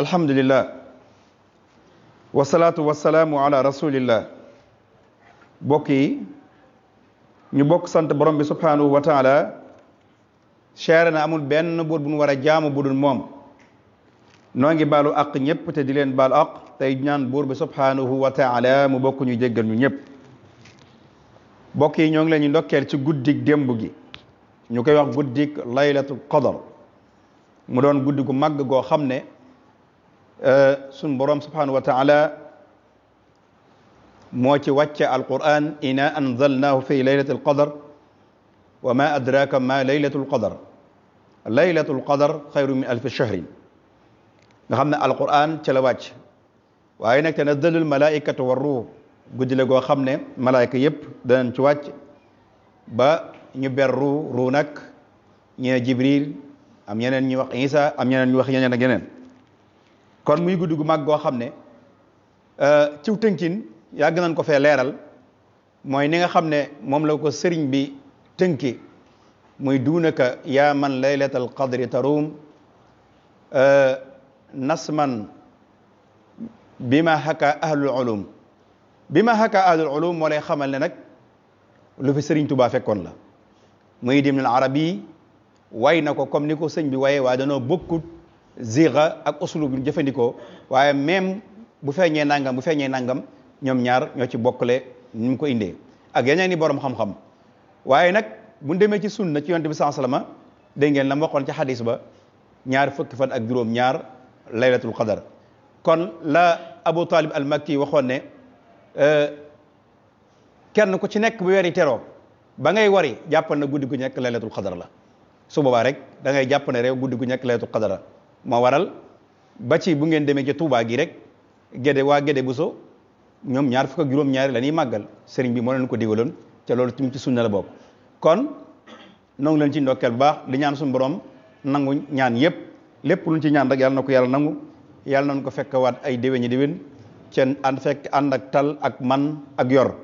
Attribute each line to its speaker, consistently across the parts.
Speaker 1: alhamdulillah wasalaatu wasalaamu ala rasulillah bokk yi ñu bokk sant borom bi subhanahu wa taala seere na amul benn buur bu ñu war a jaamu bu dul moom noo ngi baalu àq ñëpp te di leen baalu àq tey ñaan buur bi subhanahu wa mu bokk ñu jéggal ñu ñëpp bokk yi ñoo ngi leen ñu ndokkeel ci guddik démb gi ñu koy wax guddik laylatul qadar mu doon guddi gu màgg goo xam ne sun borom subhanahu wa taala moo ci wàcce alquran ina anzalnahu fi laylatil qadar wa ma adraka ma laylatul qadar laylatul qadar xayru min alfi shahrin nga xam ne alquran ci la wàcc waaye nag tanazzalul malaikatu war ruux guddi la goo xam ne malaayka yëpp danañ ci wàcc ba ñu ber ruu ruu nag ñee jibril am ñeneen ñu wax isa am ñeneen ñu wax yeneen ak yeneen kon muy guddi gu mag goo xam ne tiw euh, tënkin yàgg nañ ko fee leeral mooy ni nga xam ne moom la ko sëriñ bi tënki muy duunaka ya man laylatal qadri taruum euh, nasman bi ma xaka ahlul ulum bi ma xaka ahlul moo lay xamal ne nag lu fi sëriñ tubaa fekkoon la muy dim nal arab yi way na ko comme ni ko sëñ bi waye waa danoo bokkut ziira ak uslu bi jëfandikoo waaye même bu feeñee nangam bu feeñee nangam ñoom ñaar ñoo ci bokkale ñu mu ko indee ak yeneen ni borom xam-xam waaye nag bu ñu demee ci sunna ci yonent bi sallallahu alayhi wasallam dégg ngeen la mu waxoon ci xadis ba ñaar fukki fan ak juróom ñaar laylatul qadar kon la Abu Talib al Makki waxoon ne euh, kenn ku ci nekk bu weri teroo ba ngay wari jàppal na guddi gu nekk laylatul qadar la su boobaa rek da ngay jàpp ne réew guddi gu nekk laylatul qadar moo waral ba ci bu ngeen demee ci Touba gi rek Gédé waa Gédé Bousso ñoom ñaar fukk ak juróom-ñaari la ñuy màggal sëriñ bi moo leen ko digaloon te loolu tamit ci sunna la bokk kon noo leen ci ndokkeel bu baax di ñaan suñu borom nangu ñaan yëpp lépp luñ ci ñaan rek yàlla na ko yàlla nangu yàlla nañ ko fekk waat ay déwéni déwén ceen ànd fekk ànd ak tal ak man ak yor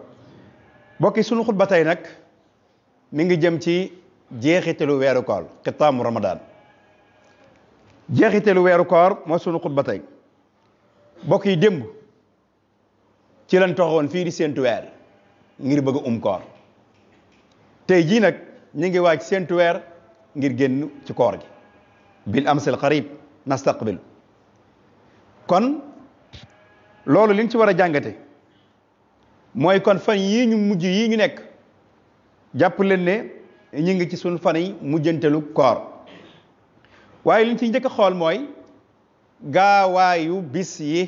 Speaker 1: bokki suñu xutba tey nag mi ngi jëm ci jeexitalu weeru kool xitaamu Ramadan. jeexiteelu weeru koor mooy sunu xutba tey mbokk yi démb ci lañ toxoon fii di séntu weer ngir bëgg a um koor tey jii nag ñu ngi waaj séntu weer ngir génn ci koor gi bil amsil qarib nastaqbil kon loolu liñ ci war a jàngate mooy kon fan yi ñu mujj yi ñu nekk jàpp leen ne ñu ngi ci sunu fan yi mujjantelu koor waaye liñ ci njëkk a xool mooy gaawaayu bis yi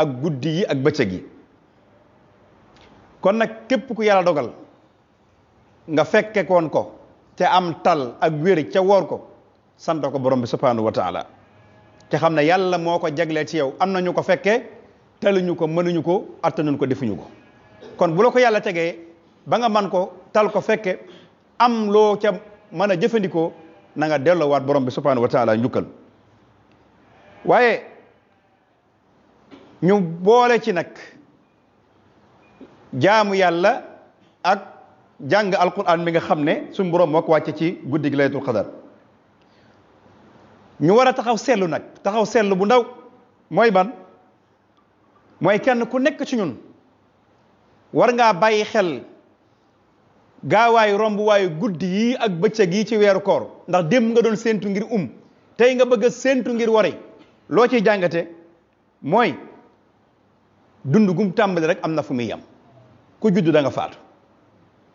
Speaker 1: ak guddi yi ak bëccëg yi kon nag képp ku yàlla dogal nga fekke koon ko te am tal ak wér ca woor ko sant ko borom bi subhanahu wa taala te xam ne yàlla moo ko jaglee ci yow am nañu ko fekkee taluñu ko mënuñu ko attanuñu ko defuñu ko kon bu la ko yàlla tegee ba nga man ko tal ko fekke am loo ca mën a jëfandikoo na nga delloowaat borom bi subhanahu wa taala njukkal waaye ñu boole ci nag jaamu yàlla ak jàng alquran mi nga xam ne suñ borom moo ko wàcce ci guddi gi laylatul qadar ñu war a taxaw seetlu nag taxaw seetlu bu ndaw mooy ban mooy kenn ku nekk ci ñun war ngaa bàyyi xel gaawaayu romb waayu guddi yii ak bëccëg gi ci weeru koor ndax démb nga doon séentu ngir um tey nga bëgg a séentu ngir wari loo ciy jàngate mooy dund gum tàmbali rek am na fu muy yem ku judd danga nga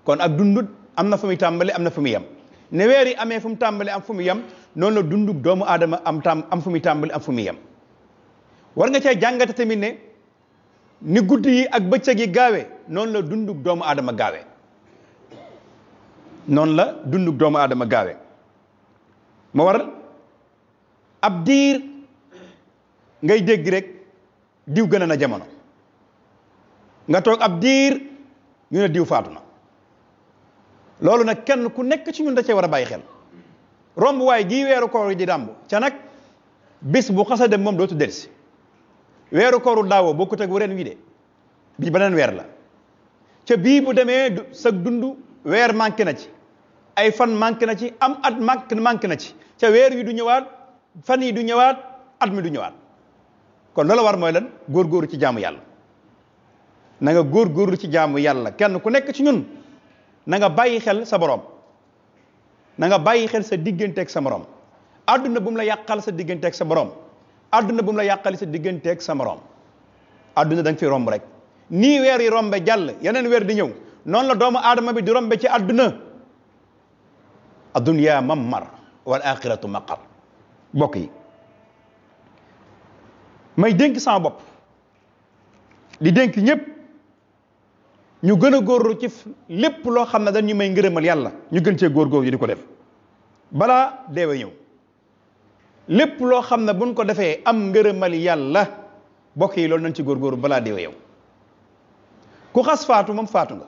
Speaker 1: kon ak dundut am na fu muy tàmbali am na fu muy yem ne weer yi amee fu mu tàmbali am fu muy yem noonu la dundu doomu aadama am tam am fu muy tàmbali am fu muy yem war nga cee jàngate tamit ne ni guddi yii ak bëccëg gi gaawee noonu la dundu doomu aadama gaawee noonu la dundu doomu aadama gaawe ma waral ab diir ngay dégg rek diw gën na jamono nga toog ab diir ñu ne diw faatu na loolu nag kenn ku nekk ci ñun da cee war a bàyyi xel romb waaye gi weeru koor yi di dàmb ca nag bis bu xasa dem moom dootu delsi weeru kooru daawoo bokkut ak ren wi de bii beneen weer la ca bii bu demee sag dund weer manqué na ci ay fan manqué na ci am at manqué manqué na ci ca weer yi du ñëwaat fan yi du ñëwaat at mi du ñëwaat kon loola war mooy lan góorgóorlu ci jaamu yàlla na góor góorgóorlu ci jaamu yàlla kenn ku nekk ci ñun na nga bàyyi xel sa borom na nga bàyyi xel sa digganteeg sa morom àdduna bu mu la yàqal sa digganteeg sa borom àdduna bu la yàqali sa digganteeg sa morom àdduna da nga fi romb rek nii weer yi rombe jàll yeneen weer di ñëw noonu la doomu aadama bi di rombe ci àdduna adduniyaa mar wal axiratu maqar bokk yi may dénk sama bopp di dénk ñëpp ñu gën a góorlu ci lépp loo xam ne dañu may ngërëmal yàlla ñu gën cee góorgóor yi di ko def balaa deewee ñëw lépp loo xam ne buñ ko defee am ngërëmal yàlla bokk yi loolu nañ ci góor góor balaa deewee yow ku xas faatu moom faatu nga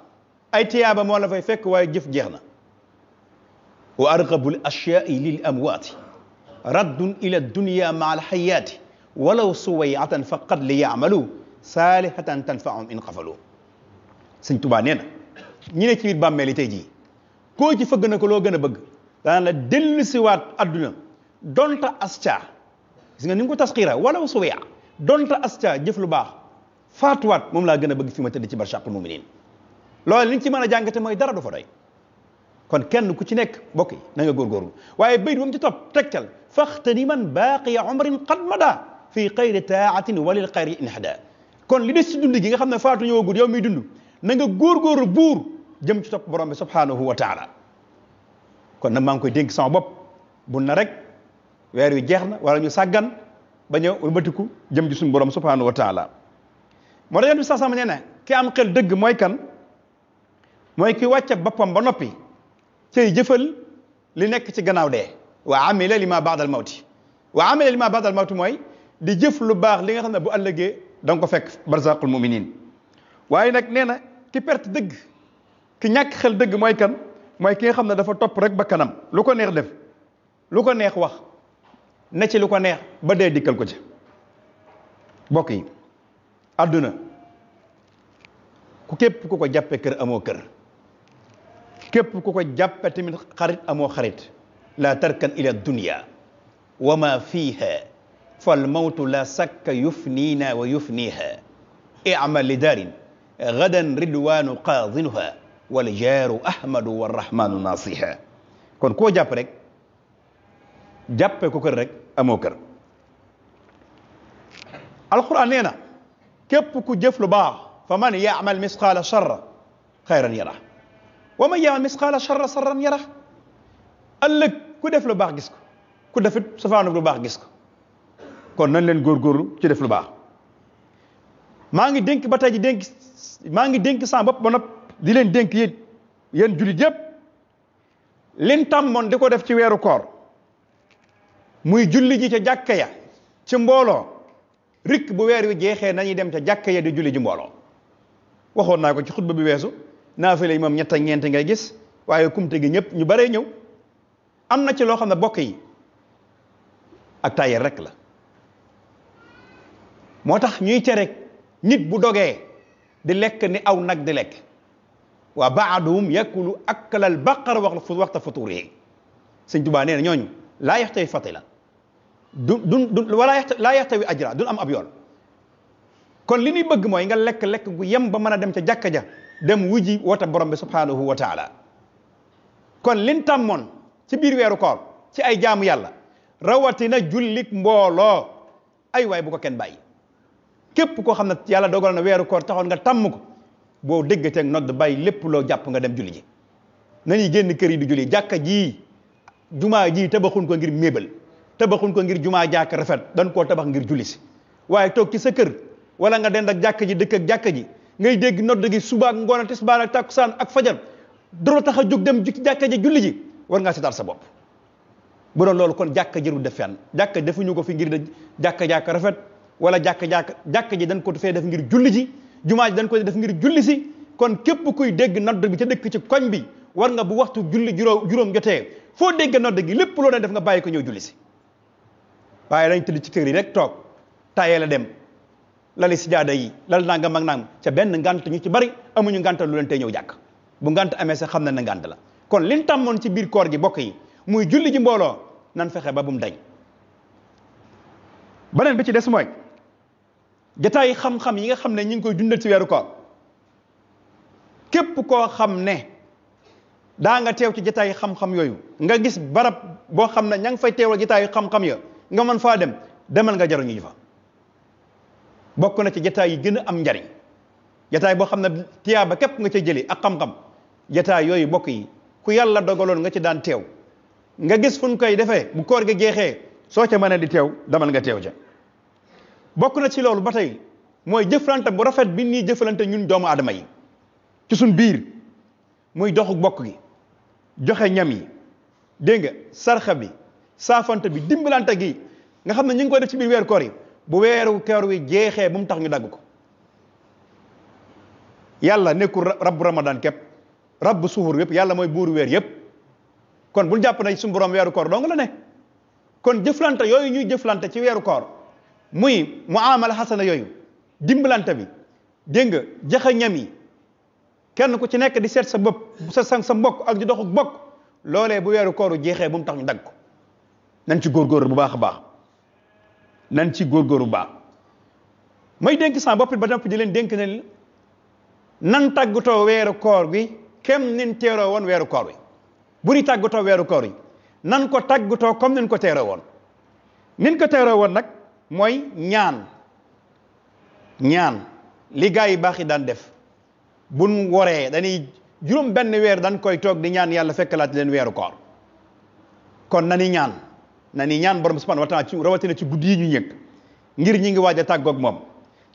Speaker 1: ay tiyaaba moo la fay fekk waaye jëf jeex na wa arqabul ashyaai lil amwaati raddun ila dunya maa alxayaati walaw suwayatan faqat li yaamalu saalihatan tanfaahum in qafalu sëñ tubaa nee na ñi ne ci biir bàmmeeli tey jii koo ci fëgg na ko loo gën a bëgg danaan la dellu siwaat adduna donta asca gis nga ni nga ko tasxiira walaw suwaya donta asca jëf lu baax faatuwaat moom laa gën a bëgg fi ma tëdd ci barshaqul muminin loolu li ñu ci mën a jàngate mooy dara du fa doy kon kenn ku ci nekk mbokk yi na nga góorgóorlu waaye bayt ba ci topp tegtal faxtani man baaqiya umrin qad mada fii xayri taatin walil xayri inhada kon li des ci dund gi nga xam ne faatu ñëwagul yow miy dund na nga góorgóorlu buur jëm ci topp borom bi subhanahu wa taala kon nag maa ngi koy dénk sama bopp bun na rek weer wi jeex na wala ñu sàggan ba ñëw wëlbatiku jëm ci suñu borom subhanahu wa taala moo tax sax sama nee na ki am xel dëgg mooy kan mooy ki wàcce boppam ba noppi cay jëfal li nekk ci gannaaw waa wa amila li ma baadal mawti wa amila li ma baadal mawti mooy di jëf lu baax li nga xam ne bu ëllëgee danga ko fekk barzaqul muminin waaye nag nee na ki perte dëgg ki ñàkk xel dëgg mooy kan mooy ki nga xam ne dafa topp rek ba kanam lu ko neex def lu ko neex wax ne ci lu ko neex ba dee dikkal ko ci bokk yi àdduna ku képp ku ko jàppee kër amoo kër képp ku ko jàppe tamit xarit amoo xarit la tarkan ila dunya wa ma fiha fal mawtu la sakka yufniina wa yufniha i'mal li daarin gadan ridwaanu qaadinuha wal jaaru ahmadu warrahmanu nasiha kon koo jàpp rek jàppe ko kër rek amoo kër alquran nee na képp ku jëf lu baax fa man yaamal misqaala charra xayran yara wa man ya'mal misqaala sharra sarran yarax ëllëg ku def lu baax gis ko ku defit safaanu lu baax gis ko kon nañ leen góorgóorlu ci def lu baax maa ngi dénk ba tey ji dénk maa ngi dénk sa bopp ba nopp di leen dénk yéen yéen jullit yépp liñ tàmmoon di ko def ci weeru koor muy julli ji ca jàkka ya ci mbooloo rikk bu weer wi jeexee nañuy dem ca jàkka ya di julli ji mbooloo waxoon naa ko ci xutba bi weesu naafile yi moom ñett ak ñeent ngay gis waaye kumte gi ñëpp ñu bare ñëw am na ci loo xam ne bokk yi ak tayel rek la moo tax ñuy cere nit bu dogee di lekk ni aw nag di lekk waa baaduhum yakulu akalal baqar wax fu waxta futuur yi sëñ Tuubaa nee na ñooñu laa yaxtawi fatila du du du wala laa yaxtawi ajra du am ab yoon kon li ñuy bëgg mooy nga lekk lekk gu yem ba mën a dem ca jàkka ja dem wuji woote borom bi subhanahu wa taala kon liñ tàmmoon ci biir weeru koor ci ay jaamu yàlla rawatina jullik mbooloo ay waay bu ko kenn bàyyi képp koo xam ne yàlla dogal na weeru koor taxoon nga tàmm ko boo déggateeg nodd bàyyi lépp loo jàpp nga dem julli ji nañuy génn kër yi di julli jàkka jii jumaa jii tabaxun ko ngir mébal tabaxun ko ngir jumaa jàkk rafet dañ koo tabax ngir julli si waaye toog ki sa kër wala nga dend ak jàkka ji dëkk ak ji ngay dégg nodd gi suba ak ngoon ak tisbaar ak takkusaan ak fajar dara tax a jóg dem ci jàkka ja julli ji war ngaa seetaat sa bopp bu doon loolu kon jàkka jërul def fenn jàkka defuñu ko fi ngir de jàkka jàkka rafet wala jàkka jàkka jàkka ji dañ ko fee def ngir julli ji jumaa ji dañ ko def ngir julli si kon képp koy dégg nodd bi ca dëkk ci koñ bi war nga bu waxtu julli juróom juróom jotee foo dégg nodd gi lépp loo doon def nga bàyyi ko ñëw julli si waaye dañ tëdd ci kër yi rek toog tayee la dem lali sijaada yi lal nangam ak nangam ca benn ngant ñu ci bari amuñu ngant lu leen tey ñëw jàkk bu ngant amee sax xam na ne la kon liñ tàmmoon ci biir gi bokk yi muy julli ji mbooloo nan fexe ba bum dañ beneen bi ci des mooy jataay xam-xam yi nga xam ne ñu ngi koy dundal ci weeru koor képp koo xam ne daa nga teew ci jataay xam-xam yooyu nga gis barab boo xam ne ña ngi fay teewal jataayu xam-xam ya nga mën faa dem demal nga jaruñu ji fa bokk na ci jataay yi gën a am njariñ jataay boo xam ne tiyaaba képp nga ca jëlee ak xam-xam jataay yooyu bokk yi ku yàlla dogaloon nga ci daan teew nga gis fuñ koy defee bu koor ga jeexee soo ca mënee di teew damal nga teew ja bokk na ci loolu ba tey mooy jëflante bu rafet bi nii jëflante ñun doomu aadama yi ci biir muy doxu bokk gi joxe ñam yi dégg nga sarxa bi saafante bi dimbalante gi nga xam ne ñu ngi koy def ci biir weer koor yi bu weeru koor wi jeexee bu mu tax ñu dagg ko yàlla nekkul rabbu ramadan képp rabbu suhur yëpp yàlla mooy buuru weer yëpp kon bu jàpp na suñu borom weeru koor dong la ne kon jëflante yooyu ñuy jëflante ci weeru koor muy muamala xasana yooyu dimbalante bi dégg nga jaxa ñam yi kenn ku ci nekk di seet sa bopp sa sa mbokk ak di doxuk bokk bu weeru kooru jeexee bu mu tax ñu dagg ko nañ ci góorgóorlu bu baax a baax nan ci góorgóoru baax may dénk sama bopp ba nopp di leen dénk ne nan tàggatoo weeru koor gi kem nin teeroo woon weeru koor wi bu ni tàggatoo weeru koor yi nan ko tàggatoo comme nin ko teeroo woon nin ko teeroo woon nag mooy ñaan ñaan li gaa baax yi daan def buñ woree dañuy juróom benn weer dañ koy toog di ñaan yàlla fekk laat leen weeru koor kon nani ñaan na ni ñaan borom subhanahu wa taala ci rawatina ci guddi yi ñu ñëkk ngir ñi ngi waaj a tàggoog moom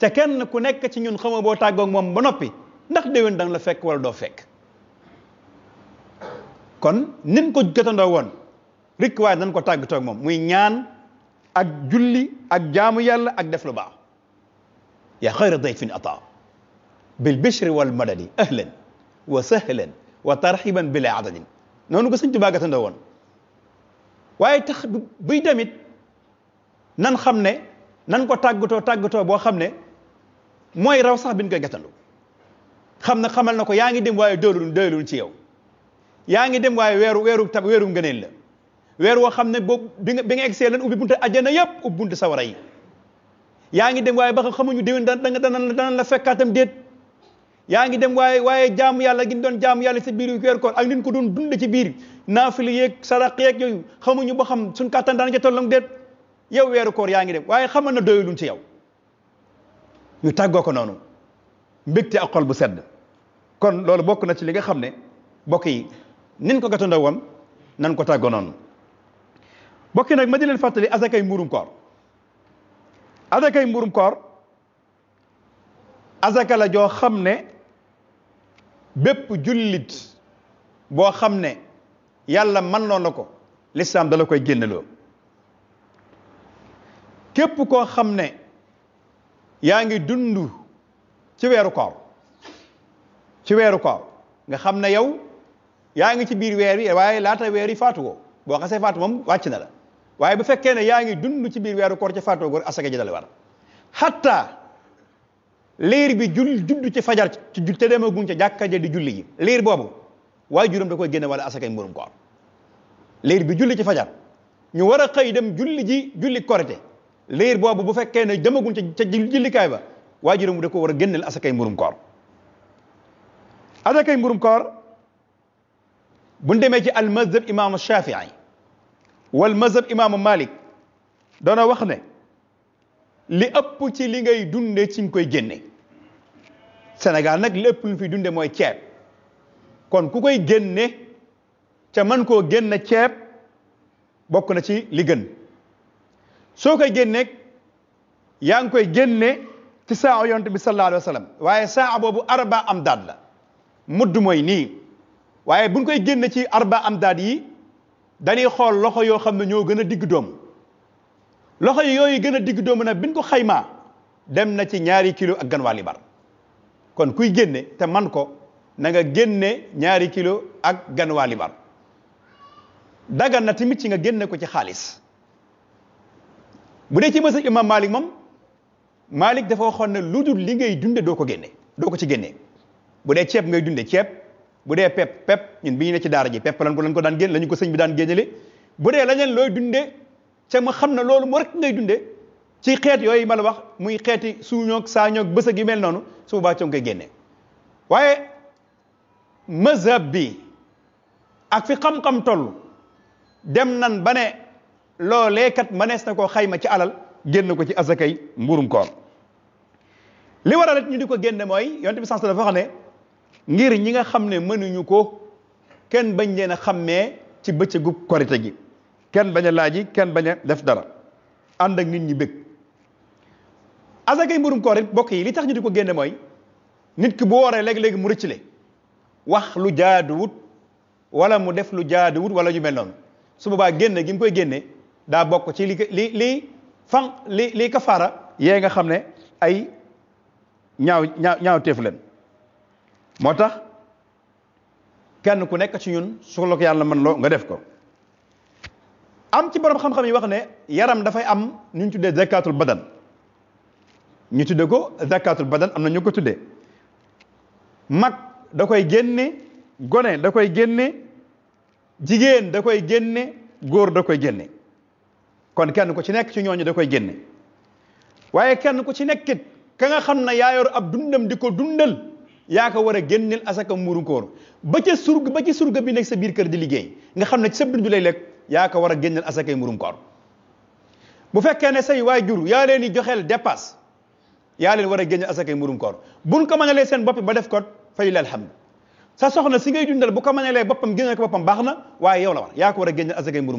Speaker 1: ca kenn ku nekk ci ñun xamoo boo tàggoog moom ba noppi ndax déwén danga la fekk wala doo fekk kon nin ko jotandoo woon rikk waaye nan ko tàggatoo moom muy ñaan ak julli ak jaamu yàlla ak def lu baax yaa xayra dayfin ata bil bishri wal madadi ahlan wa sahlan wa tarxiban bila adadin noonu ko sëñ Tuubaa gatandoo woon waaye tax buy demit nan xam ne nan ko tàggatoo tàggatoo boo xam ne mooy raw sax biñ ko gàttandu xam na xamal na ko yaa ngi dem waaye doylu doylu ci yow yaa ngi dem waaye weeru weeru tab weeru ngëneel la weer woo xam ne boobu bi nga bi nga eggsee lan ubbi buntu ajjana yëpp ubbi buntu sawara yi yaa ngi dem waaye ba xam xamuñu déwén dana dana dana la fekkaatam déet yaa ngi dem waaye waaye jaamu yàlla gin doon jaamu yàlla si biiru weer koor ak ni ñu ko doon dund ci biir naafila yeeg sadaq yeeg yooyu xamuñu boo xam suñ kàttan daan ca tollam déet yow weeru koor yaa ngi dem waaye xamal na doyuluñ ci yow ñu tàggoo ko noonu mbégte ak xol bu sedd kon loolu bokk na ci li nga xam ne bokk yi nin ko gatandoo woon nan ko tàggoo noonu bokk nag ma di leen fàttali asakay mburum koor asakay mburum koor asaka joo xam ne bépp jullit boo xam ne yàlla man loo la ko lislaam dala koy génneloo képp koo xam ne yaa ngi dund ci weeru koor ci weeru koor nga xam ne yow yaa ngi ci biir weer yi waaye laata weer yi faatu woo boo xasee faatu moom wàcc na la waaye bu fekkee ne yaa ngi dund ci biir weeru koor ci faatu woo asaka ji dala war xatta liir bi jul judd ci fajar ci jul te demaguñ ca jàkka ja di julli ji liir boobu waaye juróom da ko génne wala asakay mburum koor liir bi julli ci fajar ñu war a xëy dem julli ji julli korite liir boobu bu fekkee ne demaguñ ca ca jullikaay ba waaye juróom da ko war a génneel asakay mburum koor asakay mburum koor buñ demee ci al mazhab imaamu Shafii wal mazhab imaamu Malik doona wax li ëpp ci li ngay dunde ci nga koy génne senegal nag li ëpp lu fi dunde mooy ceeb kon ku koy génne ca man koo génne ceeb bokk na ci li gën soo koy génne yaa ngi koy génne ci saa yonent bi sallallahu alayhi wa waaye saa boobu arba am daat la mudd mooy nii waaye buñ koy génne ci arba am daad yi dañuy xool loxo yoo xam ne ñoo gën a digg doom loxo yi yooyu gën a digg doomu nag biñ ko xaymaa dem na ci ñaari kilo ak ganwaa libar kon kuy génne te man ko na nga ñaari kilo ak ganwaa libar dagan na tamit ci nga génne ko ci xaalis bu dee ci mësa ma Malik moom Malik dafa waxoon ne lu dul li ngay dunde doo ko génne doo ko ci génne bu dee ceeb ngay dunde ceeb bu dee pep pep ñun bi ñu ci daara ji pep lan ko lañ ko daan génn lañu ko sëñ bi daan génnele bu dee looy dunde te ma xam na loolu moo rek ngay dundee ci xeet yooyu ma wax muy xeeti suuñoog saañook bës gi mel noonu su boobaa ci nga koy waaye mazhab bi ak fi xam-xam toll dem nan ba ne loolee kat mënees na ko xayma ci alal génn ko ci asakay mburum koor li waral it ñu di ko génne mooy yonte bi sens dafa wax ne ngir ñi nga xam ne mënuñu ko kenn bañ leen a mee ci bëccëgu korite gi kenn bañ a laaji kenn bañ a def dara ànd ak nit ñi bëgg asakay mburum koor it bokk yi li tax ñu di ko génne mooy nit ki bu wooree léegi-léegi mu rëccile wax lu jaaduwut wala mu def lu jaaduwut wala yu mel noonu su boobaa génne gi mu koy génne daa bokk ci li lii li fan li li kafaara yee nga xam ne ay ñaaw ñaaw leen moo tax kenn ku nekk ci ñun su la ko yàlla mën loo nga def ko am ci borom xam-xam yi wax ne yaram dafay am ñu tuddee zakatul badan ñu tuddee ko zakatul badan am na ñu ko tuddee mag da koy génne gone da koy génne jigéen da koy génne góor da koy génne kon kenn ku ci nekk ci ñooñu da koy génne waaye kenn ku ci nekkit ka nga xam na yaa yor ab dundam di ko dundal yaa ko war gën génneel asaka muuru koor ba ca surga ba ci surga bi nekk sa biir kër di liggéey nga xam ne ci sa dund lay lekk yaa ko war a génneel asakay murum koor bu fekkee ne say jur yaa leen di joxeel dépasse yaa leen war a génneel asakay mburum koor buñ ko mënalee seen bopp ba def ko fay la alhamdu sa soxna si ngay dundal bu ko mënalee boppam génneel ko boppam baax na waaye yow la war yaa ko war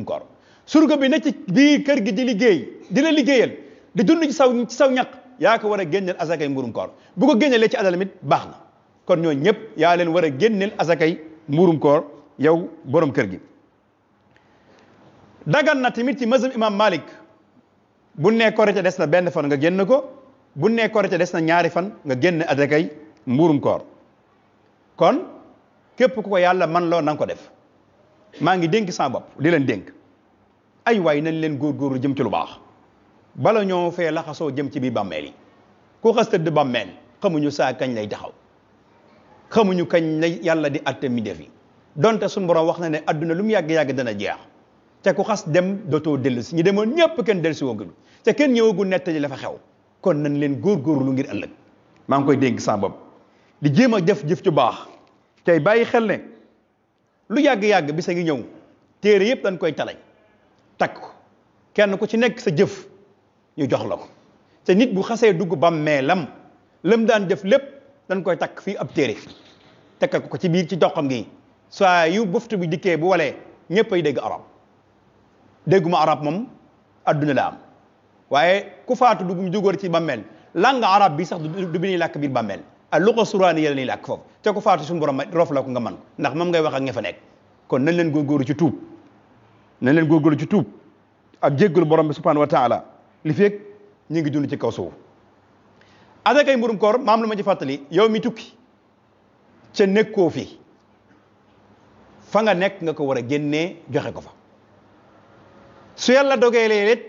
Speaker 1: koor surga bi ne ci bii kër gi di liggéey di liggéeyal di dund ci saw ci saw ñaq yaa ko war a génneel asakay mburum bu ko génneelee ci alalam baax na kon ñooñu ñëpp yaa leen war a génneel asakay mburum koor yow boroom kër gi dagan na tamit ci mazhab imam malik bu nee korite des na benn fan nga génn ko bu nee korite des na ñaari fan nga génn adakay mburum koor kon képp ku ko yàlla man loo nanga ko def maa ngi dénk sa bopp di leen dénk ay waay nañ leen góor góorgóorlu jëm ci lu baax bala ñoo fee laxasoo jëm ci biir bàmmeel yi ku xas tëdd bàmmeel xamuñu saa kañ lay taxaw xamuñu kañ lay yàlla di atte mi def yi donte suñu borom wax na ne adduna lu mu yàgg-yàgg dana jeex te ku xas dem dootoo dellu si ñi demoon ñëpp kenn dellu si woogul te kenn ñëwagul nettali la fa xew kon nañ leen góor góorgóorlu ngir ëllëg maa ngi koy dénk saa bopp di jéem a jëf jëf ju baax tey bàyyi xel ne lu yàgg-yàgg bisa ngi ñëw téere yëpp dañ koy talañ takk kenn ku ci nekk sa jëf ñu jox la ko te nit bu xasee dugg bàmmeelam lam daan def lépp dañ koy takk fii ab téere tekkal ko ci biir ci doxam gi sa yu buftu bi dikkee bu walee ñëpp ay dégg arab dégguma araab moom adduna la am waaye ku faatu dugum jógóor ci bàmmeel langue arab bi sax du bi ñuy làkk biir bammeel a luqa suraani yàlla niy làkk foofu te ku faatu suñu borom roof la ko nga man ndax mam nga wax ak ña fa nekk ko nañ leen góorgóorlu ci tuub nañ leen góorgóorlu ci tuub ak jéggalu borom bi subhanahu wa taala li fekk ñu ngi dund ci kaw suuf adakay mburum koor maam lu ma ci fàttali yow mi tukki ca nekkoo fi fa nga nekk nga ko war a génnee joxe ko fa su yàlla dogeelee it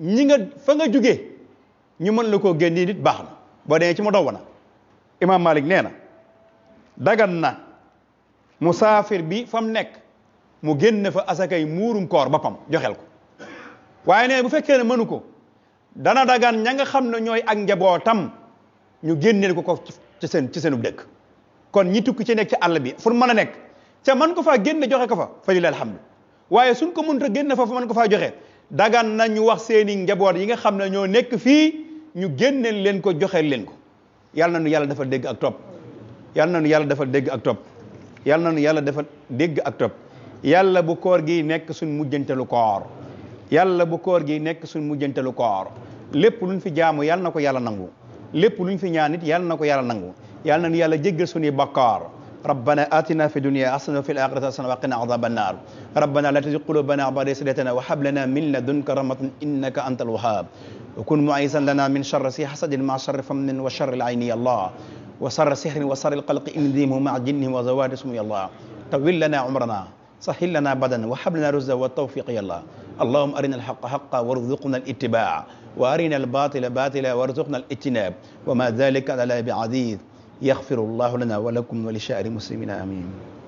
Speaker 1: ñi nga fa nga jugee ñu mën la koo génnee nit baax na boo dee ci ma daw na imaam Malik nee na dagan na musaafir bi fa mu nekk mu génn fa asakay muurum koor boppam joxeel ko waaye nee bu fekkee ne mënu ko dana dagan ña nga xam ne ñooy ak njabootam ñu génneel ko ko ci seen ci seenu dëkk kon ñi tukki ci nekk ci àll bi fu mën a nekk ca mën ko faa génne joxe ko fa fa lillahi alhamdu waaye suñ ko mënut a génn foofu mën ko faa joxe dagan na ñu wax seeni njaboot yi nga xam ne ñoo nekk fii ñu génneel leen ko joxe leen ko yàlla na nu yàlla dafa dégg ak topp yàlla na nu yàlla dafa dégg ak topp yàlla na nu yàlla dafa dégg ak yàlla bu koor gi nekk suñ mujjanteelu koor yàlla bu koor gi nekk suñ mujjantelu koor lépp luñ fi jaamu yàlla na ko yàlla nangu lépp luñ fi ñaan it yàlla na ko yàlla nangu yàlla na nu yàlla jéggal suñuy bakkaar ربنا آتنا في الدنيا حسنة وفي الآخرة حسنة وقنا عذاب النار ربنا لا تزغ قلوبنا بعد إذ هديتنا وهب لنا من لدنك رحمة إنك أنت الوهاب وكن معيذا لنا من شر ذي حسد مع شر فم وشر العين يا الله وشر سحر وشر القلق إن ذيمه مع جنه وزواد اسمه يا الله طول لنا عمرنا سهل لنا بدنا وهب لنا رزقا والتوفيق يا الله اللهم أرنا الحق حقا وارزقنا الاتباع وأرنا الباطل باطلا وارزقنا الاجتناب وما ذلك على بعزيز yaxfirullahu lana wa lakum wa li shaari muslimina amin